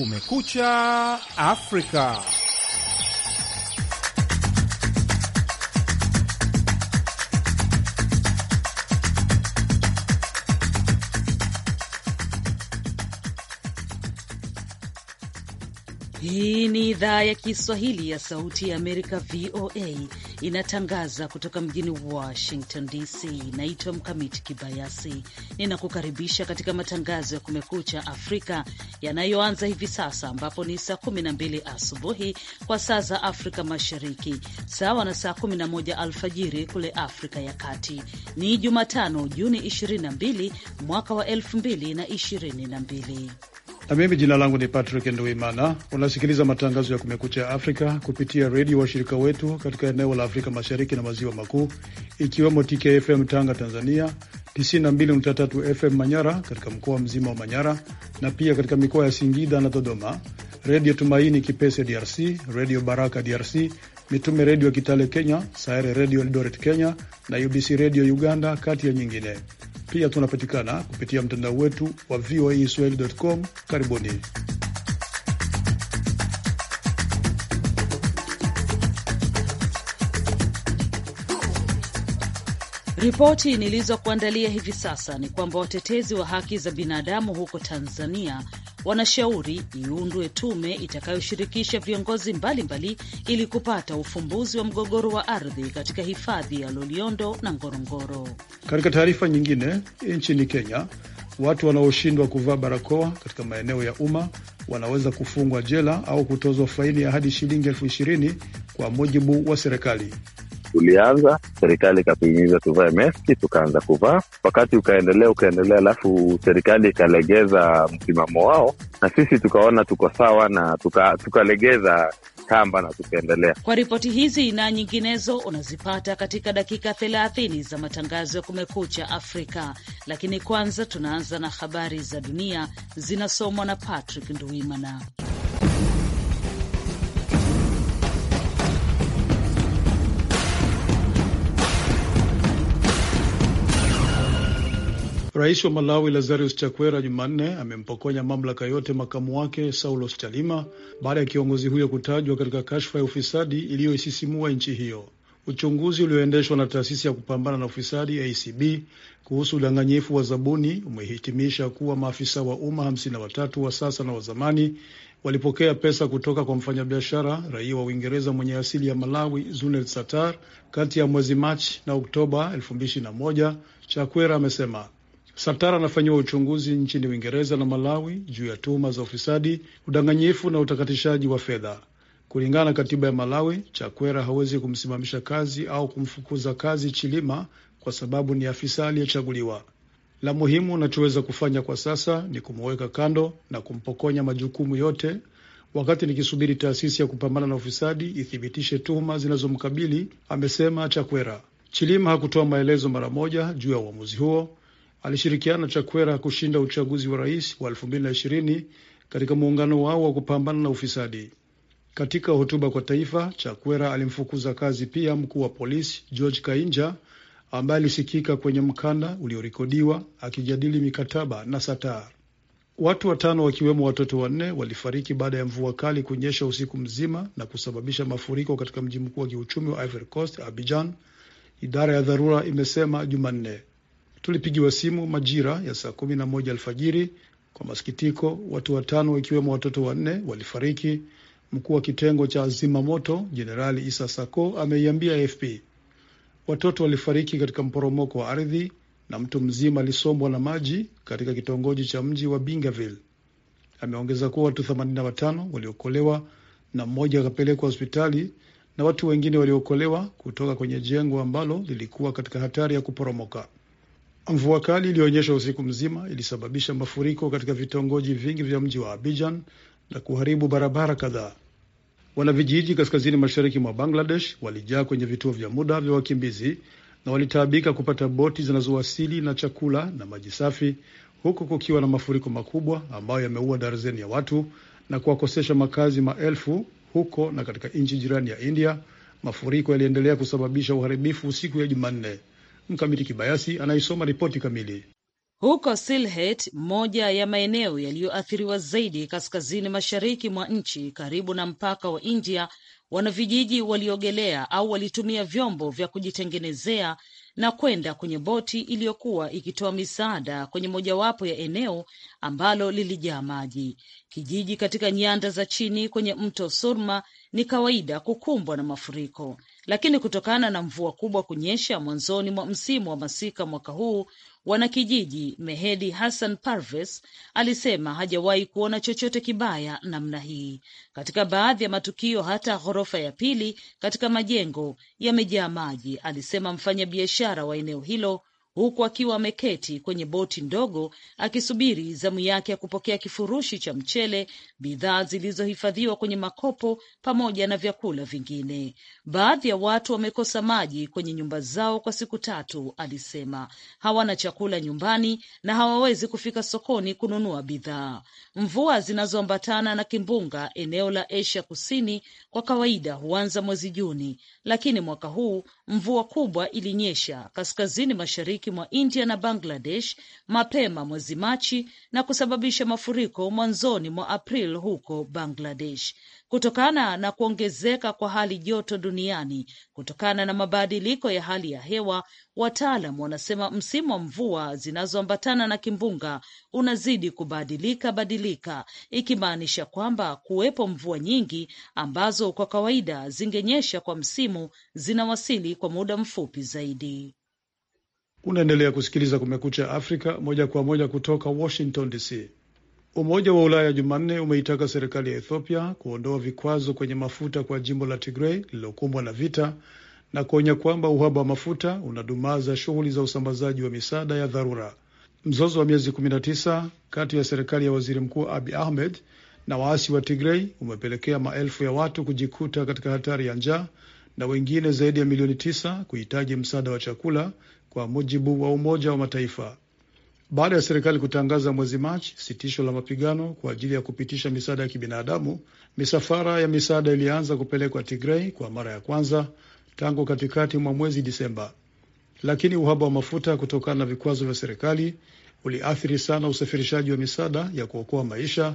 Kumekucha Afrika. Hii ni idhaa ya Kiswahili ya Sauti ya Amerika, VOA, inatangaza kutoka mjini Washington DC. Naitwa Mkamiti Kibayasi, ninakukaribisha katika matangazo ya Kumekucha Afrika yanayoanza hivi sasa, ambapo ni saa 12 asubuhi kwa saa za Afrika Mashariki, sawa na saa 11 alfajiri kule Afrika ya Kati. Ni Jumatano, Juni 22 mwaka wa 2022 na mimi jina langu ni Patrick Nduimana. Unasikiliza matangazo ya Kumekucha Afrika kupitia redio washirika wetu katika eneo la Afrika Mashariki na Maziwa Makuu, ikiwemo TKFM Tanga Tanzania, 92.3 FM Manyara katika mkoa mzima wa Manyara na pia katika mikoa ya Singida na Dodoma, Redio Tumaini Kipese DRC, Redio Baraka DRC, Mitume Redio Kitale Kenya, Sayare Redio Eldoret Kenya na UBC Redio Uganda, kati ya nyingine. Pia tunapatikana kupitia mtandao wetu wa voaswahili.com. Karibuni. Ripoti nilizokuandalia hivi sasa ni kwamba watetezi wa haki za binadamu huko Tanzania wanashauri iundwe tume itakayoshirikisha viongozi mbalimbali ili kupata ufumbuzi wa mgogoro wa ardhi katika hifadhi ya Loliondo na Ngorongoro. Katika taarifa nyingine, nchini Kenya, watu wanaoshindwa kuvaa barakoa katika maeneo ya umma wanaweza kufungwa jela au kutozwa faini ya hadi shilingi elfu ishirini kwa mujibu wa serikali ulianza, serikali ikatuhimiza tuvae meski, tukaanza kuvaa, wakati ukaendelea ukaendelea, alafu serikali ikalegeza msimamo wao, na sisi tukaona tuko sawa na tukalegeza tuka kamba na tukaendelea. Kwa ripoti hizi na nyinginezo unazipata katika dakika thelathini za matangazo ya Kumekucha Afrika, lakini kwanza tunaanza na habari za dunia zinasomwa na Patrick Nduimana. Rais wa Malawi Lazarus Chakwera Jumanne amempokonya mamlaka yote makamu wake Saulos Chalima baada ya kiongozi huyo kutajwa katika kashfa ya ufisadi iliyoisisimua nchi hiyo. Uchunguzi ulioendeshwa na taasisi ya kupambana na ufisadi ACB kuhusu udanganyifu wa zabuni umehitimisha kuwa maafisa wa umma hamsini na watatu wa sasa na wa zamani walipokea pesa kutoka kwa mfanyabiashara raia wa Uingereza mwenye asili ya Malawi Zunel Satar kati ya mwezi Machi na Oktoba 2021, Chakwera amesema. Santara anafanyiwa uchunguzi nchini Uingereza na Malawi juu ya tuhuma za ufisadi, udanganyifu na utakatishaji wa fedha. Kulingana na katiba ya Malawi, Chakwera hawezi kumsimamisha kazi au kumfukuza kazi Chilima kwa sababu ni afisa aliyechaguliwa. La muhimu unachoweza kufanya kwa sasa ni kumuweka kando na kumpokonya majukumu yote, wakati nikisubiri taasisi ya kupambana na ufisadi ithibitishe tuhuma zinazomkabili, amesema Chakwera. Chilima hakutoa maelezo mara moja juu ya uamuzi huo alishirikiana Chakwera kushinda uchaguzi wa rais wa 2020 katika muungano wao wa kupambana na ufisadi. Katika hotuba kwa taifa, Chakwera alimfukuza kazi pia mkuu wa polisi George Kainja ambaye alisikika kwenye mkanda uliorekodiwa akijadili mikataba na Sataa. Watu watano wakiwemo watoto wanne walifariki baada ya mvua kali kunyesha usiku mzima na kusababisha mafuriko katika mji mkuu wa kiuchumi wa Ivory Coast, Abidjan, idara ya dharura imesema Jumanne. Tulipigiwa simu majira ya saa kumi na moja alfajiri. Kwa masikitiko, watu watano wakiwemo watoto wanne walifariki. Mkuu wa kitengo cha zima moto Jenerali Isa Sako ameiambia AFP watoto walifariki katika mporomoko wa ardhi na mtu mzima alisombwa na maji katika kitongoji cha mji wa Bingaville. Ameongeza kuwa watu 85 waliokolewa na mmoja akapelekwa hospitali na watu wengine waliokolewa kutoka kwenye jengo ambalo lilikuwa katika hatari ya kuporomoka. Mvua kali iliyoonyesha usiku mzima ilisababisha mafuriko katika vitongoji vingi vya mji wa Abidjan na kuharibu barabara kadhaa. Wanavijiji kaskazini mashariki mwa Bangladesh walijaa kwenye vituo vya muda vya wakimbizi na walitaabika kupata boti zinazowasili na chakula na maji safi, huku kukiwa na mafuriko makubwa ambayo yameua darzeni ya watu na kuwakosesha makazi maelfu huko. Na katika nchi jirani ya India, mafuriko yaliendelea kusababisha uharibifu siku ya Jumanne. Mkamiti Kibayasi anaisoma ripoti kamili. Huko Silhet, moja ya maeneo yaliyoathiriwa zaidi kaskazini mashariki mwa nchi karibu na mpaka wa India, wanavijiji waliogelea au walitumia vyombo vya kujitengenezea na kwenda kwenye boti iliyokuwa ikitoa misaada kwenye mojawapo ya eneo ambalo lilijaa maji. Kijiji katika nyanda za chini kwenye mto Surma ni kawaida kukumbwa na mafuriko lakini kutokana na mvua kubwa kunyesha mwanzoni mwa msimu wa masika mwaka huu, wanakijiji Mehedi Hassan Parves alisema hajawahi kuona chochote kibaya namna hii. Katika baadhi ya matukio, hata ghorofa ya pili katika majengo yamejaa maji, alisema mfanyabiashara wa eneo hilo huku akiwa ameketi kwenye boti ndogo akisubiri zamu yake ya kupokea kifurushi cha mchele, bidhaa zilizohifadhiwa kwenye makopo pamoja na vyakula vingine. Baadhi ya watu wamekosa maji kwenye nyumba zao kwa siku tatu, alisema. Hawana chakula nyumbani na hawawezi kufika sokoni kununua bidhaa. Mvua zinazoambatana na kimbunga eneo la Asia Kusini kwa kawaida huanza mwezi Juni, lakini mwaka huu mvua kubwa ilinyesha kaskazini mashariki mashariki mwa India na Bangladesh mapema mwezi Machi na kusababisha mafuriko mwanzoni mwa April huko Bangladesh kutokana na kuongezeka kwa hali joto duniani kutokana na mabadiliko ya hali ya hewa. Wataalam wanasema msimu wa mvua zinazoambatana na kimbunga unazidi kubadilika badilika, ikimaanisha kwamba kuwepo mvua nyingi ambazo kwa kawaida zingenyesha kwa msimu zinawasili kwa muda mfupi zaidi. Unaendelea kusikiliza Kumekucha Afrika moja kwa moja kutoka Washington DC. Umoja wa Ulaya Jumanne umeitaka serikali ya Ethiopia kuondoa vikwazo kwenye mafuta kwa jimbo la Tigrei lililokumbwa na vita na kuonya kwamba uhaba wa mafuta unadumaza shughuli za usambazaji wa misaada ya dharura. Mzozo wa miezi 19 kati ya serikali ya waziri mkuu Abi Ahmed na waasi wa Tigrei umepelekea maelfu ya watu kujikuta katika hatari ya njaa na wengine zaidi ya milioni tisa kuhitaji msaada wa chakula kwa mujibu wa Umoja wa Mataifa. Baada ya serikali kutangaza mwezi Machi sitisho la mapigano kwa ajili ya kupitisha misaada ya kibinadamu, misafara ya misaada ilianza kupelekwa Tigrei kwa mara ya kwanza tangu katikati mwa mwezi Disemba, lakini uhaba wa mafuta kutokana na vikwazo vya serikali uliathiri sana usafirishaji wa misaada ya kuokoa maisha,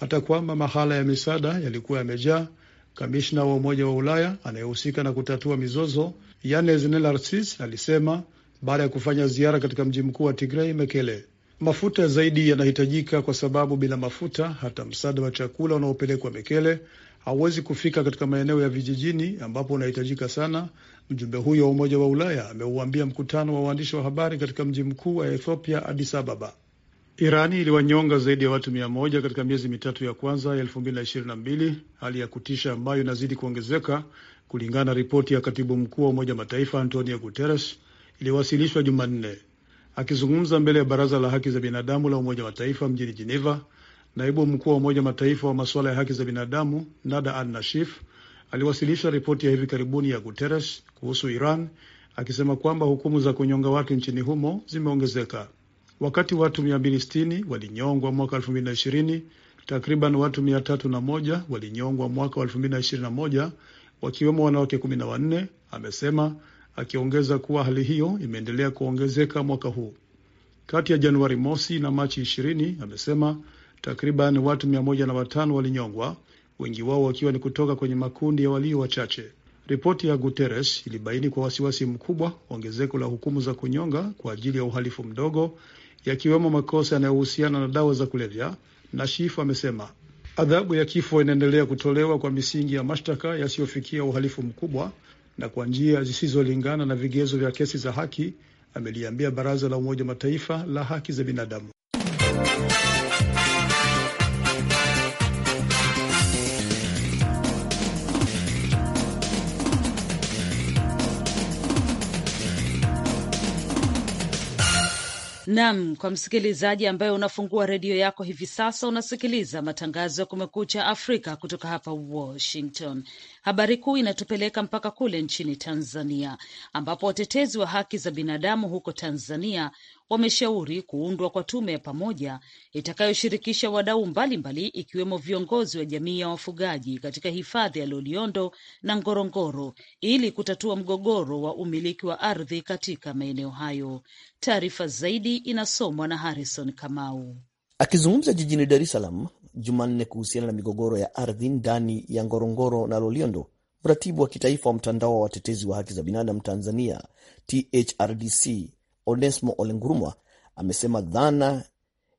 hata kwamba mahala ya misaada yalikuwa yamejaa. Kamishna wa Umoja wa Ulaya anayehusika na kutatua mizozo Yanez Nelarsis, alisema baada ya kufanya ziara katika mji mkuu wa Tigrei, Mekele. Mafuta zaidi yanahitajika kwa sababu bila mafuta hata msaada wa chakula unaopelekwa Mekele hauwezi kufika katika maeneo ya vijijini ambapo unahitajika sana. Mjumbe huyo wa Umoja wa Ulaya ameuambia mkutano wa waandishi wa habari katika mji mkuu wa Ethiopia, Addis Ababa. Irani iliwanyonga zaidi ya watu mia moja katika miezi mitatu ya kwanza ya mbili, hali ya kutisha ambayo inazidi kuongezeka kulingana na ripoti ya katibu mkuu wa Umoja Mataifa Antonio Guterres iliwasilishwa Jumanne. Akizungumza mbele ya baraza la haki za binadamu la Umoja wa Mataifa mjini Geneva, naibu mkuu wa Umoja wa Mataifa wa masuala ya haki za binadamu Nada Al Nashif aliwasilisha ripoti ya hivi karibuni ya Guterres kuhusu Iran akisema kwamba hukumu za kunyonga watu nchini humo zimeongezeka. Wakati watu 260 walinyongwa mwaka 2020, takriban watu 301 walinyongwa mwaka 2021, wakiwemo wanawake 14, amesema akiongeza kuwa hali hiyo imeendelea kuongezeka mwaka huu. Kati ya Januari mosi na Machi ishirini, amesema takriban watu watano walinyongwa, wengi wao wakiwa ni kutoka kwenye makundi ya walio wachache. Ripoti ya Guterres ilibaini kwa wasiwasi mkubwa ongezeko la hukumu za kunyonga kwa ajili ya uhalifu mdogo, yakiwemo makosa yanayohusiana na dawa za kulevya. Shifu amesema adhabu ya kifo inaendelea kutolewa kwa misingi ya mashtaka yasiyofikia uhalifu mkubwa na kwa njia zisizolingana na vigezo vya kesi za haki, ameliambia baraza la Umoja Mataifa la haki za binadamu. Nam, kwa msikilizaji ambaye unafungua redio yako hivi sasa, unasikiliza matangazo ya Kumekucha Afrika kutoka hapa Washington. Habari kuu inatupeleka mpaka kule nchini Tanzania, ambapo watetezi wa haki za binadamu huko Tanzania wameshauri kuundwa kwa tume ya pamoja itakayoshirikisha wadau mbalimbali ikiwemo viongozi wa jamii ya wafugaji katika hifadhi ya Loliondo na Ngorongoro ili kutatua mgogoro wa umiliki wa ardhi katika maeneo hayo. Taarifa zaidi inasomwa na Harrison Kamau. Akizungumza jijini Dar es Salaam, Jumanne kuhusiana na migogoro ya ardhi ndani ya Ngorongoro na Loliondo, mratibu wa kitaifa wa mtandao wa watetezi wa haki za binadamu Tanzania THRDC Onesmo Olengurumwa amesema dhana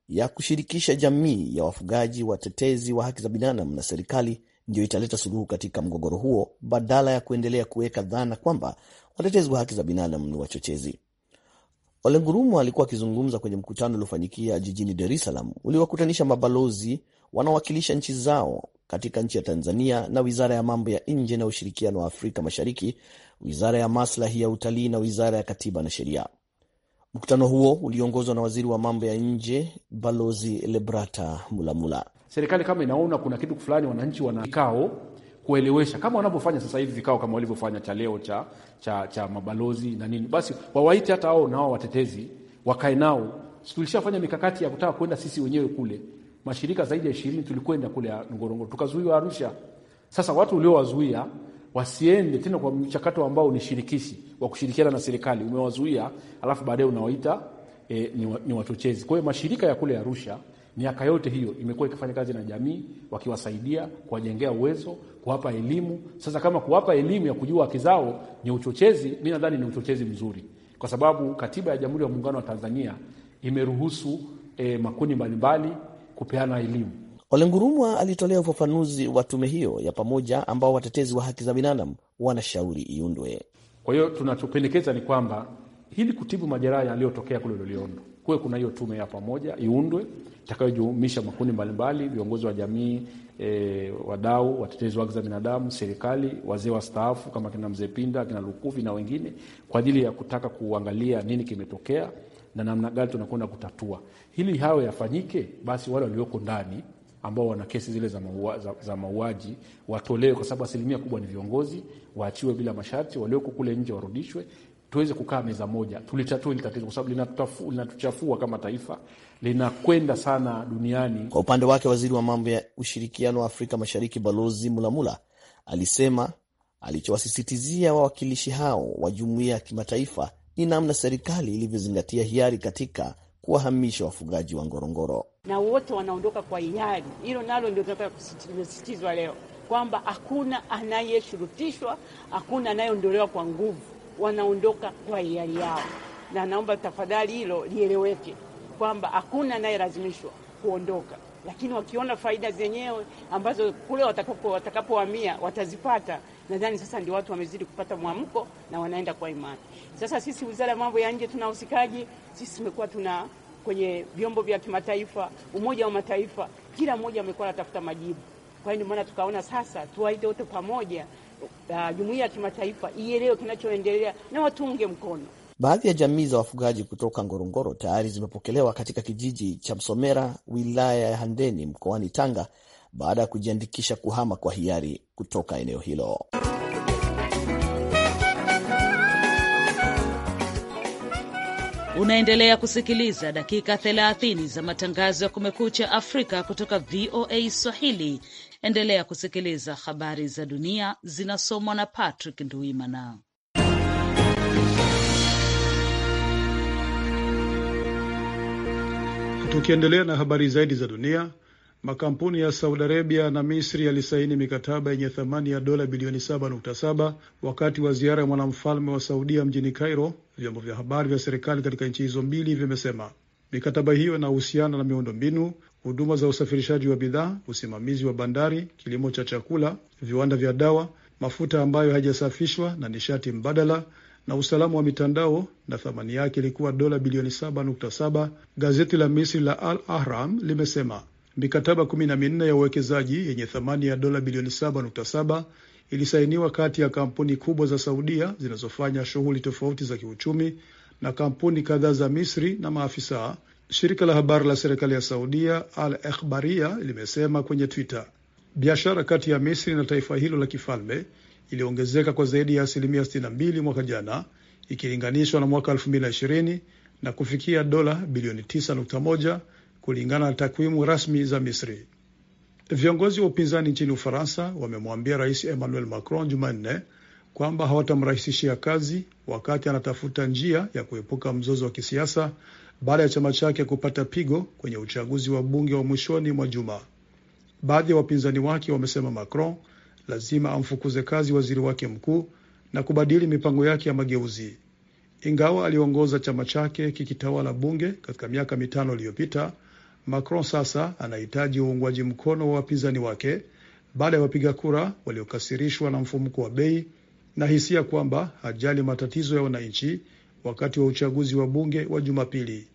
ya kushirikisha jamii ya wafugaji, watetezi wa haki za binadamu na serikali ndiyo italeta suluhu katika mgogoro huo badala ya kuendelea kuweka dhana kwamba watetezi wa haki za binadamu ni wachochezi. Olengurumwa alikuwa akizungumza kwenye mkutano uliofanyikia jijini Dar es Salaam uliowakutanisha mabalozi wanaowakilisha nchi zao katika nchi ya Tanzania na Wizara ya Mambo ya Nje na Ushirikiano wa Afrika Mashariki, Wizara ya Maslahi ya Utalii na Wizara ya Katiba na Sheria. Mkutano huo uliongozwa na waziri wa mambo ya nje Balozi Lebrata Mulamula. Serikali kama inaona kuna kitu fulani wananchi wana vikao kuelewesha, kama wanavyofanya sasa hivi vikao kama walivyofanya cha leo cha, cha, cha mabalozi na nini, basi wawaite hata ao nao watetezi wakae nao. Tulishafanya mikakati ya kutaka kwenda sisi wenyewe kule mashirika zaidi ya ishirini tulikwenda kule Ngorongoro, tukazuiwa Arusha. Sasa watu uliowazuia wasiende tena kwa mchakato ambao ni shirikishi wa kushirikiana na serikali, umewazuia alafu baadaye unawaita e, ni, ni wachochezi. Kwa hiyo mashirika ya kule Arusha miaka yote hiyo imekuwa ikifanya kazi na jamii, wakiwasaidia, kuwajengea uwezo, kuwapa elimu. Sasa kama kuwapa elimu ya kujua haki zao ni uchochezi, mi nadhani ni uchochezi mzuri, kwa sababu katiba ya Jamhuri ya Muungano wa Tanzania imeruhusu e, makundi mbalimbali kupeana elimu. Olengurumwa alitolea ufafanuzi wa tume hiyo ya pamoja ambao watetezi wa haki za binadamu wanashauri iundwe. Kwa hiyo tunachopendekeza ni kwamba ili kutibu majeraha yaliyotokea kule Loliondo, kuwe kuna hiyo tume ya pamoja iundwe, itakayojumuisha makundi mbalimbali, viongozi wa jamii, e, wadau, watetezi wa haki za binadamu, serikali, wazee wastaafu kama kina Mzee Pinda, kina Lukuvi na wengine, kwa ajili ya kutaka kuangalia nini kimetokea na namna gani tunakwenda kutatua hili. Hayo yafanyike basi, wale walioko ndani ambao wana kesi zile za maua, za, za mauaji watolewe, kwa sababu asilimia kubwa ni viongozi, waachiwe bila masharti, walioko kule nje warudishwe, tuweze kukaa meza moja tulitatua hili tatizo, kwa sababu linatuchafua kama taifa, linakwenda sana duniani. Kwa upande wake, waziri wa mambo ya ushirikiano wa Afrika Mashariki Balozi Mulamula alisema alichowasisitizia wawakilishi hao wa jumuiya ya kimataifa ni namna serikali ilivyozingatia hiari katika kuwahamisha wafugaji wa Ngorongoro na wote wanaondoka kwa hiari. Hilo nalo ndio limesisitizwa leo kwamba hakuna anayeshurutishwa, hakuna anayeondolewa kwa nguvu, wanaondoka kwa hiari yao, na naomba tafadhali hilo lieleweke kwamba hakuna anayelazimishwa kuondoka, lakini wakiona faida zenyewe ambazo kule watakapohamia watazipata, Nadhani sasa ndio watu wamezidi kupata mwamko na wanaenda kwa imani. Sasa sisi wizara ya mambo ya nje tuna usikaji, sisi tumekuwa tuna kwenye vyombo vya kimataifa, Umoja wa Mataifa, kila mmoja amekuwa anatafuta majibu. Kwa hiyo ndio maana tukaona sasa tuwaite wote pamoja, uh, jumuiya ya kimataifa ielewe kinachoendelea na watunge mkono. Baadhi ya jamii za wafugaji kutoka Ngorongoro tayari zimepokelewa katika kijiji cha Msomera wilaya ya Handeni mkoani Tanga baada ya kujiandikisha kuhama kwa hiari kutoka eneo hilo. Unaendelea kusikiliza dakika 30 za matangazo ya Kumekucha Afrika kutoka VOA Swahili. Endelea kusikiliza habari za dunia zinasomwa na Patrick Nduimana. Tukiendelea na habari zaidi za dunia, Makampuni ya Saudi Arabia na Misri yalisaini mikataba yenye thamani ya dola bilioni 7.7 wakati wa ziara ya mwanamfalme wa Saudia mjini Cairo, vyombo vya habari vya serikali katika nchi hizo mbili vimesema. Mikataba hiyo inahusiana na miundo mbinu, huduma za usafirishaji wa bidhaa, usimamizi wa bandari, kilimo cha chakula, viwanda vya dawa, mafuta ambayo hayajasafishwa na nishati mbadala na usalama wa mitandao na thamani yake ilikuwa dola bilioni 7.7, gazeti la Misri la Al Ahram limesema. Mikataba kumi na minne ya uwekezaji yenye thamani ya dola bilioni 7.7 ilisainiwa kati ya kampuni kubwa za Saudia zinazofanya shughuli tofauti za kiuchumi na kampuni kadhaa za Misri na maafisa. Shirika la habari la serikali ya Saudia Al Ikhbaria limesema kwenye Twitter biashara kati ya Misri na taifa hilo la kifalme iliongezeka kwa zaidi ya asilimia 62 mwaka jana ikilinganishwa na mwaka 2020 na kufikia dola bilioni 9.1 kulingana na takwimu rasmi za Misri. Viongozi wa upinzani nchini Ufaransa wamemwambia Rais Emmanuel Macron Jumanne kwamba hawatamrahisishia kazi wakati anatafuta njia ya kuepuka mzozo wa kisiasa baada ya chama chake kupata pigo kwenye uchaguzi wa bunge wa mwishoni mwa juma. Baadhi ya wapinzani wake wamesema Macron lazima amfukuze kazi waziri wake mkuu na kubadili mipango yake ya mageuzi. Ingawa aliongoza chama chake kikitawala bunge katika miaka mitano iliyopita, Macron sasa anahitaji uungwaji mkono wa wapinzani wake baada ya wapiga kura waliokasirishwa na mfumuko wa bei na hisia kwamba hajali matatizo ya wananchi wakati wa uchaguzi wa bunge wa Jumapili.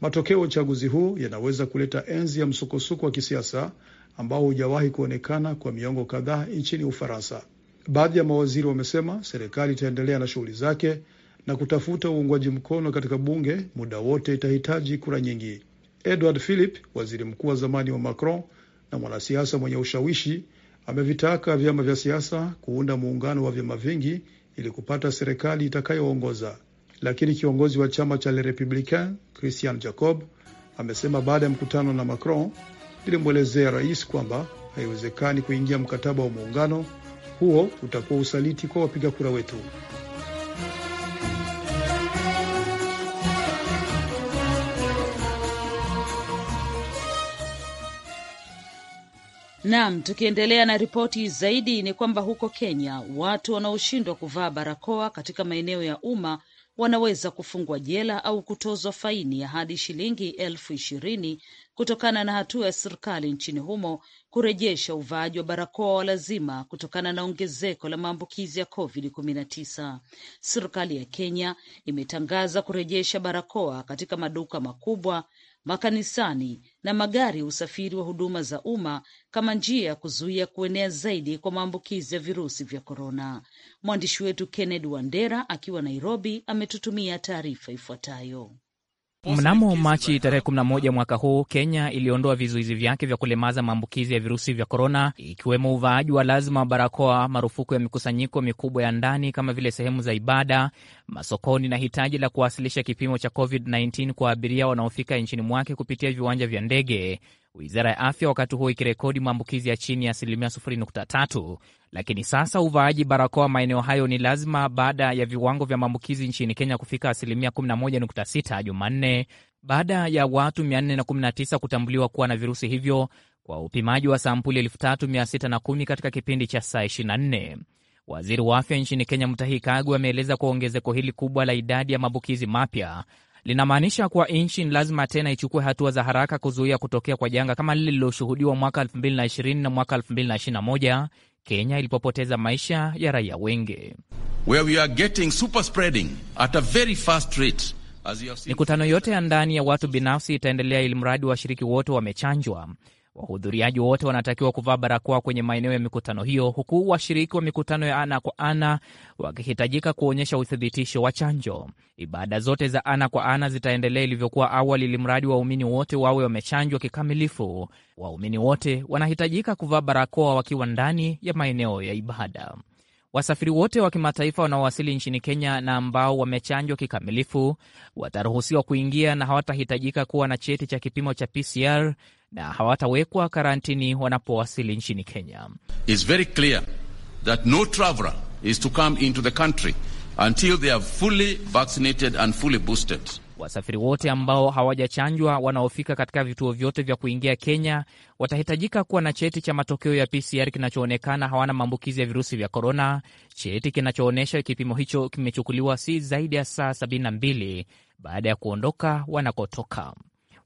Matokeo ya uchaguzi huu yanaweza kuleta enzi ya msukosuko wa kisiasa ambao hujawahi kuonekana kwa miongo kadhaa nchini Ufaransa. Baadhi ya mawaziri wamesema serikali itaendelea na shughuli zake na kutafuta uungwaji mkono katika bunge muda wote itahitaji kura nyingi. Edward Philip, waziri mkuu wa zamani wa Macron na mwanasiasa mwenye ushawishi, amevitaka vyama vya siasa kuunda muungano wa vyama vingi ili kupata serikali itakayoongoza. Lakini kiongozi wa chama cha Le Republican Christian Jacob amesema baada ya mkutano na Macron, ilimwelezea rais kwamba haiwezekani kuingia mkataba wa muungano huo, utakuwa usaliti kwa wapiga kura wetu. Naam, tukiendelea na ripoti zaidi ni kwamba huko Kenya watu wanaoshindwa kuvaa barakoa katika maeneo ya umma wanaweza kufungwa jela au kutozwa faini ya hadi shilingi elfu ishirini kutokana na hatua ya serikali nchini humo kurejesha uvaaji wa barakoa wa lazima kutokana na ongezeko la maambukizi ya COVID-19. Serikali ya Kenya imetangaza kurejesha barakoa katika maduka makubwa, makanisani na magari usafiri wa huduma za umma kama njia ya kuzuia kuenea zaidi kwa maambukizi ya virusi vya korona. Mwandishi wetu Kennedy Wandera akiwa Nairobi ametutumia taarifa ifuatayo. Mnamo Machi tarehe 11 mwaka huu, Kenya iliondoa vizuizi vyake vya kulemaza maambukizi ya virusi vya korona, ikiwemo uvaaji wa lazima wa barakoa, marufuku ya mikusanyiko mikubwa ya ndani kama vile sehemu za ibada, masokoni na hitaji la kuwasilisha kipimo cha COVID-19 kwa abiria wanaofika nchini mwake kupitia viwanja vya ndege wizara ya afya wakati huo ikirekodi maambukizi ya chini ya asilimia 0.3, lakini sasa uvaaji barakoa maeneo hayo ni lazima baada ya viwango vya maambukizi nchini Kenya kufika asilimia 11.6 Jumanne, baada ya watu 419 kutambuliwa kuwa na virusi hivyo kwa upimaji wa sampuli 3610 katika kipindi cha saa 24. Waziri wa afya nchini Kenya Mutahi Kagwe ameeleza kuwa ongezeko hili kubwa la idadi ya maambukizi mapya linamaanisha kuwa nchi ni lazima tena ichukue hatua za haraka kuzuia kutokea kwa janga kama lile lililoshuhudiwa mwaka 2020 na mwaka 2021 Kenya ilipopoteza maisha ya raia wengi. Mikutano yote ya ndani ya watu binafsi itaendelea, ili mradi washiriki wote wamechanjwa, Wahudhuriaji wote wanatakiwa kuvaa barakoa kwenye maeneo ya mikutano hiyo, huku washiriki wa mikutano ya ana kwa ana wakihitajika kuonyesha uthibitisho wa chanjo. Ibada zote za ana kwa ana zitaendelea ilivyokuwa awali, ili mradi waumini wote wawe wamechanjwa kikamilifu. Waumini wote wanahitajika kuvaa barakoa wakiwa ndani ya maeneo ya ibada. Wasafiri wote wa kimataifa wanaowasili nchini Kenya na ambao wamechanjwa kikamilifu wataruhusiwa kuingia na hawatahitajika kuwa na cheti cha kipimo cha PCR na hawatawekwa karantini wanapowasili nchini Kenya. It's very clear that no traveler is to come into the country until they are fully vaccinated and fully boosted. Wasafiri wote ambao hawajachanjwa wanaofika katika vituo vyote vya kuingia Kenya watahitajika kuwa na cheti cha matokeo ya PCR kinachoonekana hawana maambukizi ya virusi vya korona, cheti kinachoonyesha kipimo hicho kimechukuliwa si zaidi ya saa 72 baada ya kuondoka wanakotoka.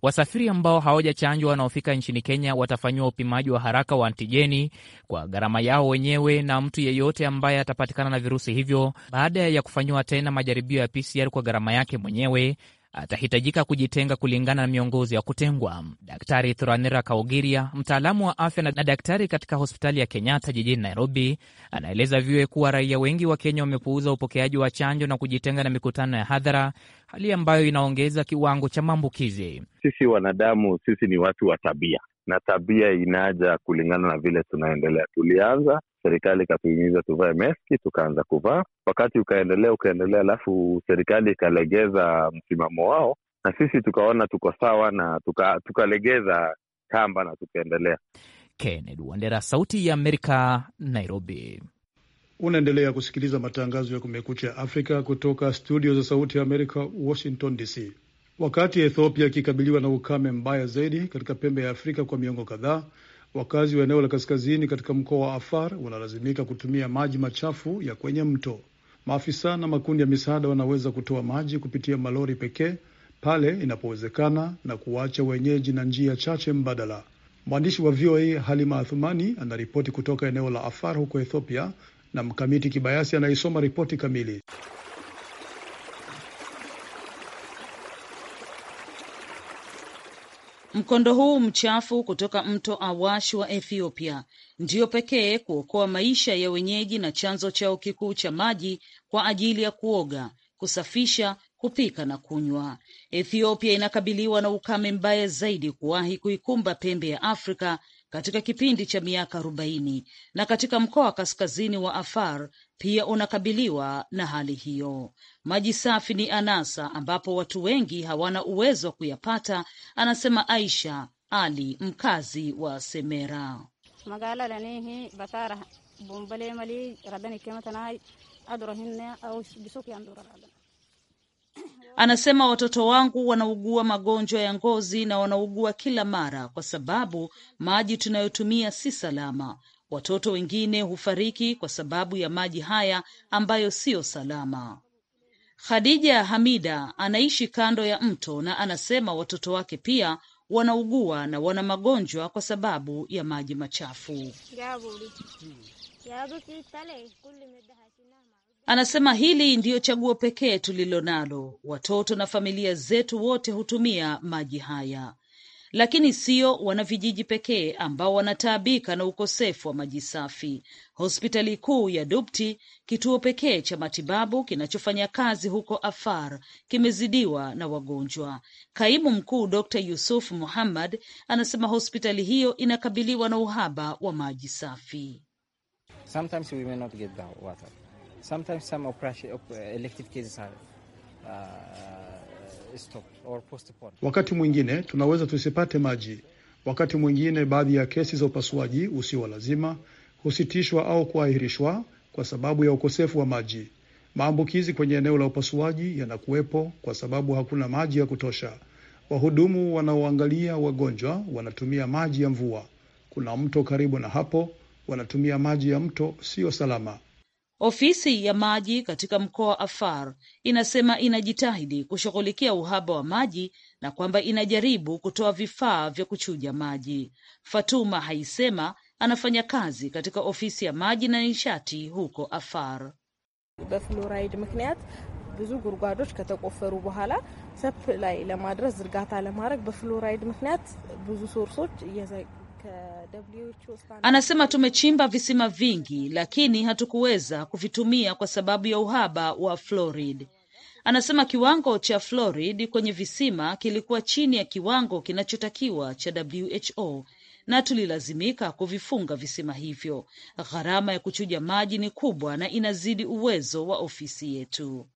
Wasafiri ambao hawajachanjwa wanaofika nchini Kenya watafanyiwa upimaji wa haraka wa antijeni kwa gharama yao wenyewe na mtu yeyote ambaye atapatikana na virusi hivyo, baada ya kufanyiwa tena majaribio ya PCR kwa gharama yake mwenyewe atahitajika kujitenga kulingana na miongozo ya kutengwa. Daktari Thuranira Kaugiria, mtaalamu wa afya na daktari katika hospitali ya Kenyatta jijini Nairobi, anaeleza vyue kuwa raia wengi wa Kenya wamepuuza upokeaji wa chanjo na kujitenga na mikutano ya hadhara hali ambayo inaongeza kiwango cha maambukizi. Sisi wanadamu, sisi ni watu wa tabia na tabia inaja kulingana na vile tunaendelea. Tulianza serikali ikatuhimiza tuvae meski, tukaanza kuvaa, wakati ukaendelea ukaendelea, alafu serikali ikalegeza msimamo wao, na sisi tukaona tuko sawa na tukalegeza tuka kamba na tukaendelea. Kennedy Wandera, Sauti ya Amerika, Nairobi. Unaendelea kusikiliza matangazo ya Kumekucha Afrika kutoka studio za Sauti ya Amerika, Washington DC. Wakati Ethiopia ikikabiliwa na ukame mbaya zaidi katika pembe ya Afrika kwa miongo kadhaa, wakazi wa eneo la kaskazini katika mkoa wa Afar wanalazimika kutumia maji machafu ya kwenye mto. Maafisa na makundi ya misaada wanaweza kutoa maji kupitia malori pekee pale inapowezekana na kuwaacha wenyeji na njia chache mbadala. Mwandishi wa VOA Halima Athumani anaripoti kutoka eneo la Afar huko Ethiopia, na Mkamiti Kibayasi anaisoma ripoti kamili. Mkondo huu mchafu kutoka mto Awash wa Ethiopia ndiyo pekee kuokoa maisha ya wenyeji na chanzo chao kikuu cha maji kwa ajili ya kuoga, kusafisha, kupika na kunywa. Ethiopia inakabiliwa na ukame mbaya zaidi kuwahi kuikumba pembe ya Afrika katika kipindi cha miaka arobaini na katika mkoa wa kaskazini wa Afar pia unakabiliwa na hali hiyo. Maji safi ni anasa ambapo watu wengi hawana uwezo wa kuyapata, anasema Aisha Ali, mkazi wa Semera. Anasema watoto wangu wanaugua magonjwa ya ngozi na wanaugua kila mara kwa sababu maji tunayotumia si salama. Watoto wengine hufariki kwa sababu ya maji haya ambayo siyo salama. Khadija Hamida anaishi kando ya mto na anasema watoto wake pia wanaugua na wana magonjwa kwa sababu ya maji machafu. Anasema hili ndiyo chaguo pekee tulilo nalo Watoto na familia zetu wote hutumia maji haya, lakini sio wanavijiji pekee ambao wanataabika na ukosefu wa maji safi. Hospitali kuu ya Dupti, kituo pekee cha matibabu kinachofanya kazi huko Afar, kimezidiwa na wagonjwa. Kaimu mkuu Dr Yusuf Muhammad anasema hospitali hiyo inakabiliwa na uhaba wa maji safi. Sometimes some oppression, elective cases are, uh, stopped or postponed. Wakati mwingine tunaweza tusipate maji. Wakati mwingine baadhi ya kesi za upasuaji usio wa lazima husitishwa au kuahirishwa kwa sababu ya ukosefu wa maji. Maambukizi kwenye eneo la upasuaji yanakuwepo kwa sababu hakuna maji ya kutosha. Wahudumu wanaoangalia wagonjwa wanatumia maji ya mvua. Kuna mto karibu na hapo, wanatumia maji ya mto, siyo salama. Ofisi ya maji katika mkoa wa Afar inasema inajitahidi kushughulikia uhaba wa maji na kwamba inajaribu kutoa vifaa vya kuchuja maji. Fatuma Haisema anafanya kazi katika ofisi ya maji na nishati huko Afar. ብዙ ጉድጓዶች ከተቆፈሩ በኋላ ሰፕ ላይ ለማድረስ ዝርጋታ ለማድረግ በፍሎራይድ ምክንያት ብዙ ሶርሶች እየዘጉ Uh, Anasema tumechimba visima vingi, lakini hatukuweza kuvitumia kwa sababu ya uhaba wa fluoride. Anasema kiwango cha fluoride kwenye visima kilikuwa chini ya kiwango kinachotakiwa cha WHO na tulilazimika kuvifunga visima hivyo. Gharama ya kuchuja maji ni kubwa na inazidi uwezo wa ofisi yetu.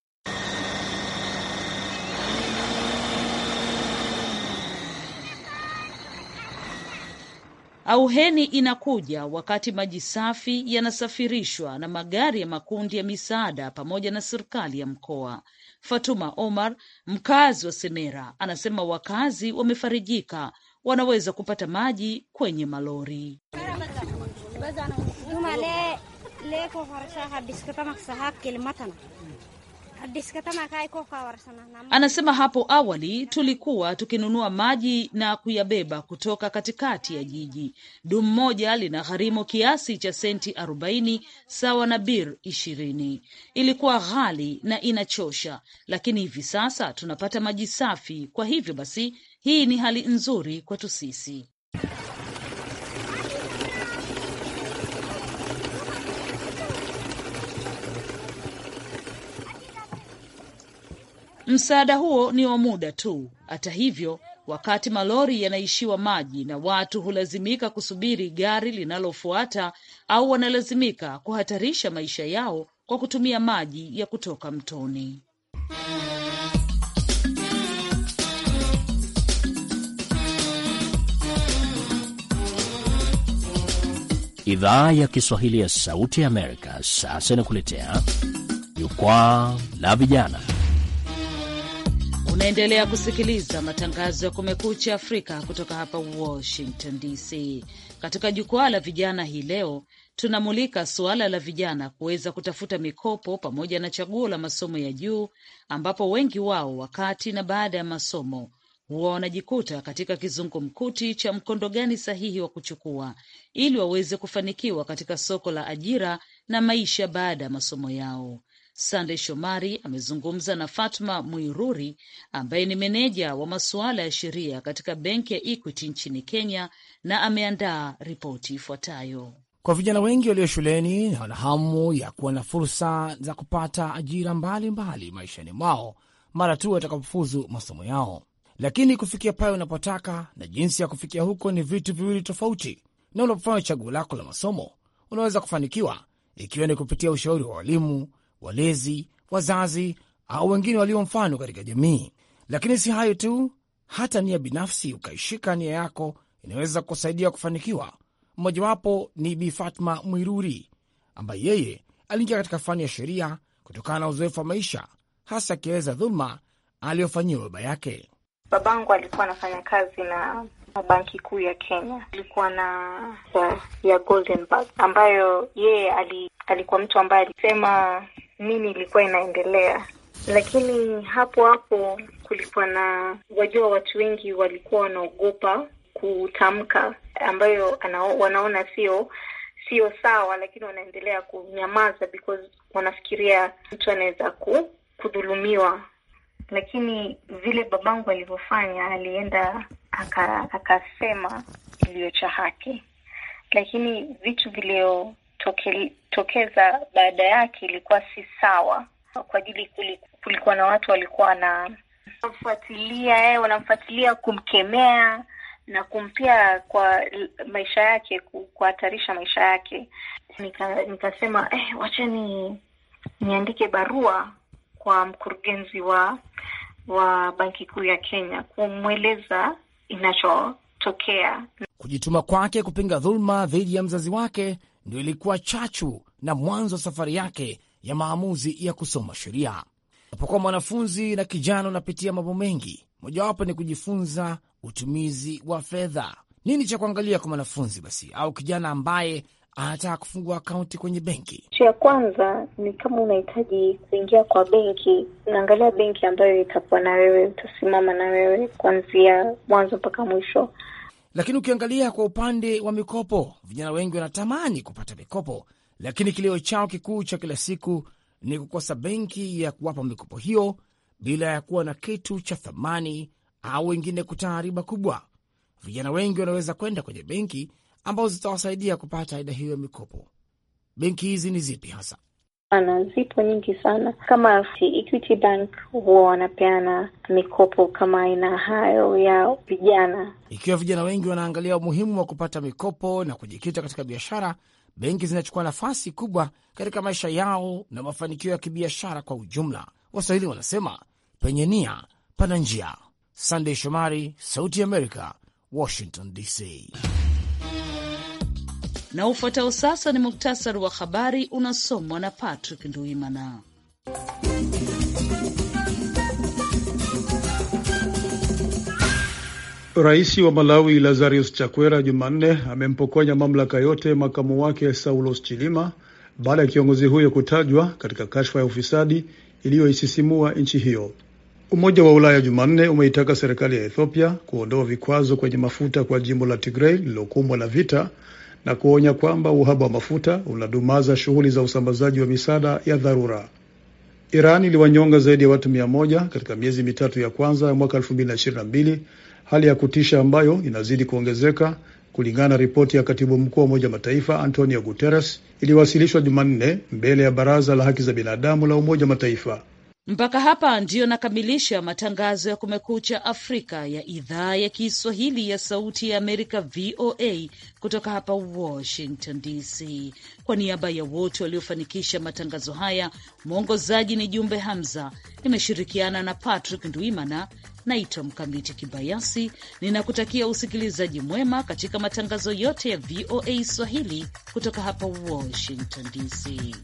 Auheni inakuja wakati maji safi yanasafirishwa na magari ya makundi ya misaada pamoja na serikali ya mkoa. Fatuma Omar, mkazi wa Semera, anasema wakazi wamefarijika, wanaweza kupata maji kwenye malori. Anasema hapo awali tulikuwa tukinunua maji na kuyabeba kutoka katikati ya jiji. Dumu moja lina gharimu kiasi cha senti 40 sawa na bir 20. Ilikuwa ghali na inachosha, lakini hivi sasa tunapata maji safi. Kwa hivyo basi, hii ni hali nzuri kwetu sisi. Msaada huo ni wa muda tu. Hata hivyo, wakati malori yanaishiwa maji na watu hulazimika kusubiri gari linalofuata au wanalazimika kuhatarisha maisha yao kwa kutumia maji ya kutoka mtoni. Idhaa ya Kiswahili ya Sauti ya Amerika sasa inakuletea Jukwaa la Vijana. Unaendelea kusikiliza matangazo ya Kumekucha Afrika kutoka hapa Washington DC. Katika jukwaa la vijana hii leo tunamulika suala la vijana kuweza kutafuta mikopo pamoja na chaguo la masomo ya juu, ambapo wengi wao wakati na baada ya masomo huwa wanajikuta katika kizungumkuti cha mkondo gani sahihi wa kuchukua ili waweze kufanikiwa katika soko la ajira na maisha baada ya masomo yao. Sande Shomari amezungumza na Fatma Mwiruri ambaye ni meneja wa masuala ya sheria katika benki ya Equity nchini Kenya na ameandaa ripoti ifuatayo. Kwa vijana wengi walio shuleni wana hamu ya kuwa na fursa za kupata ajira mbalimbali maishani mwao mara tu watakapofuzu masomo yao, lakini kufikia pale unapotaka na jinsi ya kufikia huko ni vitu viwili tofauti, na unapofanya chaguo lako la masomo unaweza kufanikiwa ikiwa ni kupitia ushauri wa walimu walezi, wazazi au wengine walio mfano katika jamii. Lakini si hayo tu, hata nia binafsi, ukaishika nia yako inaweza kusaidia kufanikiwa. Mmojawapo ni Bi Fatma Mwiruri ambaye yeye aliingia katika fani ya sheria kutokana na uzoefu wa maisha, hasa akieleza dhuluma aliyofanyiwa baba yake. Babangu alikuwa anafanya kazi na Banki Kuu ya Kenya, alikuwa na ya, ya Goldenberg ambayo yeye ali, alikuwa mtu ambaye alisema nini ilikuwa inaendelea, lakini hapo hapo kulikuwa na, wajua, watu wengi walikuwa wanaogopa kutamka ambayo wanaona sio sio sawa, lakini wanaendelea kunyamaza because wanafikiria mtu anaweza ku, kudhulumiwa. Lakini vile babangu alivyofanya, alienda akasema aka iliyo cha haki, lakini vitu vilio tokeza baada yake ilikuwa si sawa, kwa ajili kulikuwa na watu walikuwa wanamfuatilia, eh, wanamfuatilia kumkemea na kumpia kwa maisha yake, kuhatarisha maisha yake. Nika, nikasema eh, wacha ni niandike barua kwa mkurugenzi wa wa Banki Kuu ya Kenya kumweleza inachotokea. Kujituma kwake kupinga dhuluma dhidi ya mzazi wake ndio ilikuwa chachu na mwanzo wa safari yake ya maamuzi ya kusoma sheria. napokuwa mwanafunzi na kijana, unapitia mambo mengi, mojawapo ni kujifunza utumizi wa fedha. Nini cha kuangalia kwa mwanafunzi basi au kijana ambaye anataka kufungua akaunti kwenye benki? Cha kwanza ni kama unahitaji kuingia kwa benki, unaangalia benki ambayo itakuwa na wewe, utasimama na wewe kuanzia mwanzo mpaka mwisho. Lakini ukiangalia kwa upande wa mikopo, vijana wengi wanatamani kupata mikopo, lakini kilio chao kikuu cha kila siku ni kukosa benki ya kuwapa mikopo hiyo bila ya kuwa na kitu cha thamani au wengine kutaa riba kubwa. Vijana wengi wanaweza kwenda kwenye benki ambazo zitawasaidia kupata aina hiyo ya mikopo. Benki hizi ni zipi hasa? Ana zipo nyingi sana kama Equity Bank huwa wanapeana mikopo kama aina hayo ya vijana. Ikiwa vijana wengi wanaangalia umuhimu wa kupata mikopo na kujikita katika biashara, benki zinachukua nafasi kubwa katika maisha yao na mafanikio ya kibiashara kwa ujumla. Waswahili wanasema penye nia pana njia. Sandey Shomari, Sauti ya Amerika, Washington DC. Na ufuatao sasa ni muktasari wa habari unasomwa na Patrick Nduimana. Rais wa Malawi Lazarus Chakwera Jumanne amempokonya mamlaka yote makamu wake Saulos Chilima baada ya kiongozi huyo kutajwa katika kashfa ya ufisadi iliyoisisimua nchi hiyo. Umoja wa Ulaya Jumanne umeitaka serikali ya Ethiopia kuondoa vikwazo kwenye mafuta kwa jimbo la tigrei lililokumbwa na vita na kuonya kwamba uhaba wa mafuta unadumaza shughuli za usambazaji wa misaada ya dharura. Iran iliwanyonga zaidi ya watu mia moja katika miezi mitatu ya kwanza ya mwaka 2022, hali ya kutisha ambayo inazidi kuongezeka kulingana na ripoti ya katibu mkuu wa Umoja wa Mataifa Antonio Guterres iliyowasilishwa Jumanne mbele ya Baraza la Haki za Binadamu la Umoja wa Mataifa. Mpaka hapa ndiyo nakamilisha matangazo ya Kumekucha Afrika ya idhaa ya Kiswahili ya Sauti ya Amerika, VOA, kutoka hapa Washington DC. Kwa niaba ya wote waliofanikisha matangazo haya, mwongozaji ni Jumbe Hamza, nimeshirikiana na Patrick Ndwimana. Naitwa Mkamiti Kibayasi, ninakutakia usikilizaji mwema katika matangazo yote ya VOA Swahili kutoka hapa Washington DC.